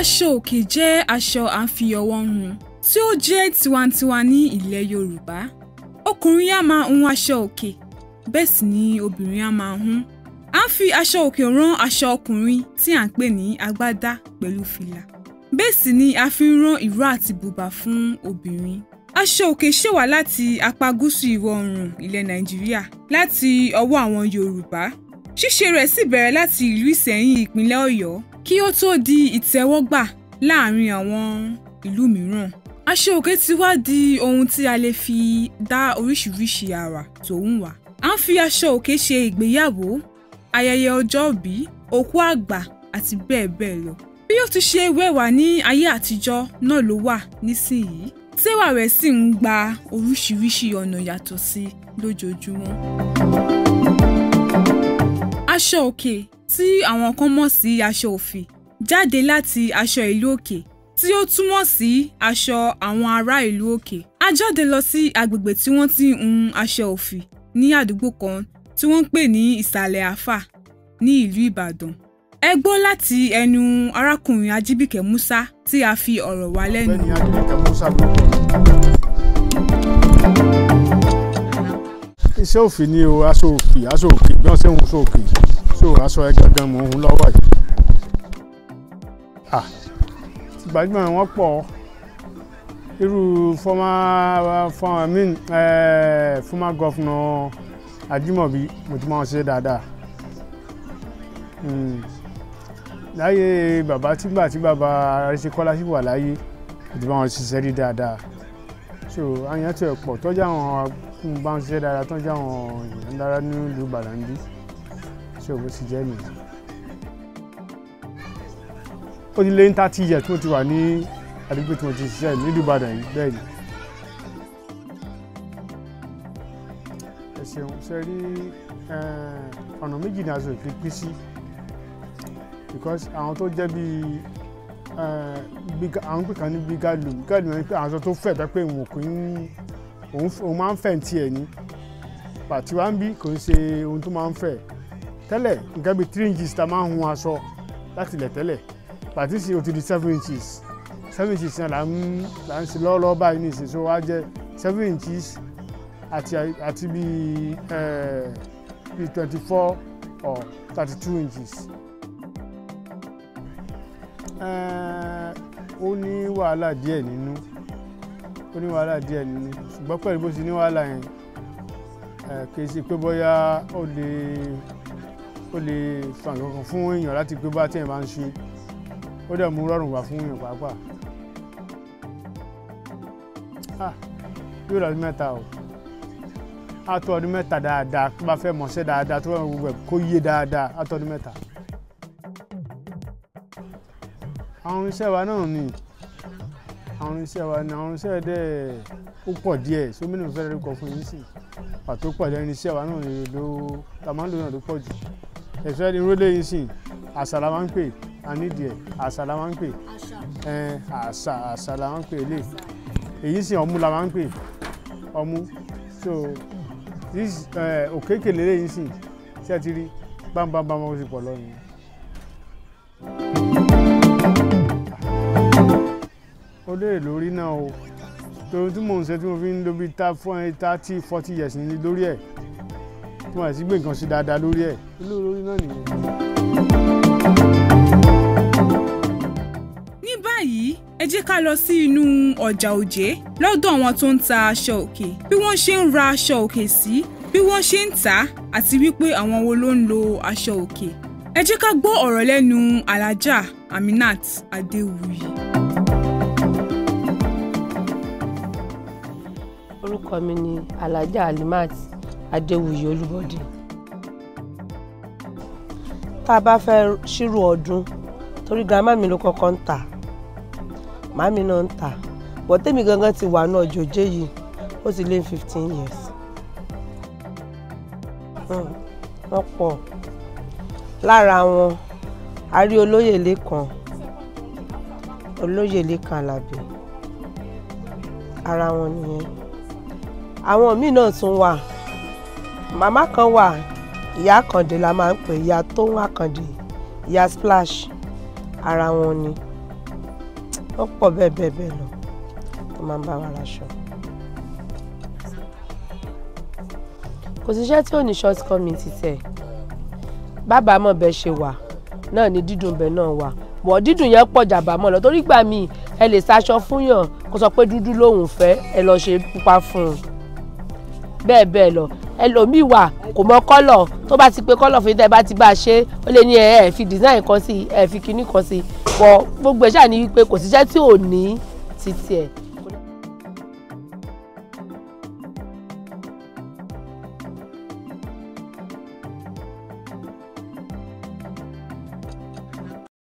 Aṣọ òkè jẹ́ aṣọ à ń fi ọwọ́ hun tí ó jẹ́ tiwantiwa ní ilẹ̀ Yorùbá. Ọkùnrin á máa hun aṣọ òkè bẹ́ẹ̀ sì ni obìnrin á máa hun. À ń fi aṣọ òkè rán aṣọ ọkùnrin tí à ń pè ní agbádá pẹ̀lú fìlà. Bẹ́ẹ̀ sì ni a fi ń rán ìró àti bùbá fún obìnrin. Aṣọ òkè ṣẹ̀wá láti apá gúúsù ìwọ̀ oòrùn ilẹ̀ Nàìjíríà láti ọwọ́ àwọn Yorùbá ṣíṣe rẹ̀ sì bẹ̀rẹ̀ láti ìlú Ìsẹ̀yìn ìpínlẹ̀ Ọ̀yọ́ kí ó tó di ìtẹ́wọ́gbà láàrin àwọn ìlú mìíràn aṣọ ti wá di ohun tí a lè fi dá oríṣiríṣi àrà tòun wá à ń fi aṣọ òkè ṣe ìgbéyàwó ayẹyẹ ọjọ́bí òkú àgbà àti bẹ́ẹ̀ bẹ́ẹ̀ lọ bí ó ti ṣe wẹ̀wà ní ayé àtijọ́ náà ló wà nísìnyí tẹ́wà rẹ̀ sì ń gba oríṣiríṣi ọ̀nà yàtọ̀ sí lójoojúmọ́ aṣọ òkè tí àwọn kan mọ̀ sí aṣọ òfì jáde láti aṣọ ìlú òkè tí ó túmọ̀ sí aṣọ àwọn ará ìlú òkè a jáde lọ sí agbègbè tí wọ́n ti ń hun aṣọ òfì ní àdúgbò kan tí wọ́n ń pè ní ìsàlẹ̀ àfà ní ìlú ìbàdàn ẹ gbọ́ láti ẹnu arákùnrin ajíbíkẹ́ musa tí a fi ọ̀rọ̀ wá lẹ́nu. ọ̀gbẹ́ni ajíbíkẹ́ musa ló ń bọ̀ iṣẹ́ òfì ni o aṣọ òfì aṣọ òfì bí wọ́n ṣe ń hun aṣọ òfì so aṣọ ẹ gangan mò ń hun lọ́wọ́ yìí. ah gbajúmọ̀ wọn pọ̀ irú former former I mean uh, former governor Ajimobi mo ti máa ń ṣe dáadáa hmm. láyé bàbá tígbà tí bàbá Arísíkọ́lá sì wà láyé mo ti máa ń ṣiṣẹ́ rí dáadáa sí o àyàn tiẹ̀ pọ̀ tọ́jà àwọn agúnbánṣẹ́ dára tọ́jà àwọn èèyàn dára nílùú Ìbàdàn bí ṣé o bó ti jẹ́ nìyẹn. ó ti lé ní thirty years tí mo ti wà ní àdúgbò tí mo ti ṣiṣẹ́ nílùú Ìbàdàn yìí bẹ́ẹ̀ ni. ẹ ṣeun ṣe rí ọ̀nà méjì ni aṣọ ìfi pín sí because àwọn tó jẹ́ bíi àwọn pè kan ní bígàlù bígàlù yẹn pé aṣọ tó fẹ̀ dápẹ́ òun kò ń òun máa ń fẹ̀ ní tiẹ̀ ní pàtí wá ń bí kò ń ṣe ohun tó máa ń fẹ̀ tẹ́lẹ̀ nǹkan bíi three inches ta máa ń hun aṣọ láti ilẹ̀ tẹ́lẹ̀ pàtí sí o ti di seven inches seven inches yẹn là ń là ń ṣe lọ́wọ́lọ́wọ́ báyìí ní ìsinsìnyí wá jẹ́ seven inches àti àti bíi eh, bíi twenty four or thirty two inches. Eh, ó ní wàhálà díẹ̀ nínú ó ní wàhálà díẹ̀ nínú ṣùgbọ́n pẹ̀lú bó ṣe ní wàhálà yẹn eh, kì í ṣe pé bóyá ó lè ó lè fa nǹkan kan fún èèyàn láti pé bá téèyàn bá ń ṣe ó dẹ̀ mú rọrùn wá fún èèyàn pàápàá. yóò ah, lọ́dún mẹ́ta o á tó ọdún mẹ́ta dáadáa bá fẹ́ mọ̀ọ́ṣẹ́ dáadáa tó bá fẹ́ gbogbo ẹ̀ kó yé dáadáa á tó ọdún mẹ́ta. àwọn irinṣẹ́ wa náà ni àwọn irinṣẹ́ wa ni àwọn irinṣẹ́ dẹ̀ ó pọ̀ díẹ̀ sómìnà fẹ́rẹ́ rí kọ fún yín sí pàtó pọ̀ díẹ̀ irinṣẹ́ wa náà ló tàmáńdò náà ló pọ̀ jù ẹ̀fẹ́ ni rólé yín sí àṣà la máa ń pè ànídìí ẹ̀ àṣà la máa ń pè àṣà àṣà la máa ń pè lè èyí sì ọmú la máa ń pè ọmú so òkèkè lélẹ́yìn sí tí a ti rí bámbámbám ó sì pọ̀ lọ́nìí. léèrè lórí náà o torí tí mò ń ṣe tí mo fi ń lo bíi thirty forty years ní lórí ẹ̀ tí mo sì gbé nǹkan sí dáadáa lórí ẹ̀ ilé olórí náà nìyẹn. ní báyìí ẹ jẹ́ ká lọ sí inú ọjà òjé lọ́dọ̀ àwọn tó ń ta aṣọ òkè bí wọ́n ṣe ń ra aṣọ òkè sí bí wọ́n ṣe ń tà á àti wípé àwọn wo ló ń lo aṣọ òkè ẹ jẹ́ ká gbọ́ ọ̀rọ̀ lẹ́nu alájà Aminat Adéwuyì. orúkọ mi ni alhaja halimat adéwuyì olúbọdé tá a bá fẹ́ ṣírò ọdún torí grandma mi ló kọ́kọ́ ń tà màmí náà ń tà bọ́tẹ́mi gangan ti wà náà jòjé yìí ó ti lé fifteen years hmm, wọ́n pọ̀ lára wọn a rí olóyè lẹ́kan olóyè lẹ́kan alábí ara wọn nìyẹn àwọn míì náà tún wà màmá kan wà ìyá àkàndé la máa ń pè ìyá tóun àkàndé ìyá splash ara wọn ni wọ́n pọ̀ bẹ́ẹ̀ bẹ́ẹ̀ bẹ́ẹ̀ lọ wọ́n máa ń bá wa raṣọ. kò síṣẹ́ tí ò ní short coming ti tẹ̀ bàbá mọ̀ bẹ́ẹ̀ ṣe wà náà ni dídùn bẹ́ẹ̀ náà wà wọ̀ dídùn yẹn pọ̀ jàbá mọ́ lọ torí gbà míì ẹ lè ṣaṣọ fún yàn kó sọ pé dúdú lòun fẹ́ ẹ lọ ṣe pupa fún un bẹ́ẹ̀ bẹ́ẹ̀ lọ ẹlòmíì wà kò mọ kọ́lọ̀ tó bá ti pé kọ́lọ̀ fún yín tẹ́ bá ti bá a ṣe ó lè ní ẹ ẹ fi design kan sí ẹ fi kinní kan sí bọ̀ gbogbo ẹ̀ ṣáà ní wípé kò síṣẹ́ tí ò ní títí ẹ̀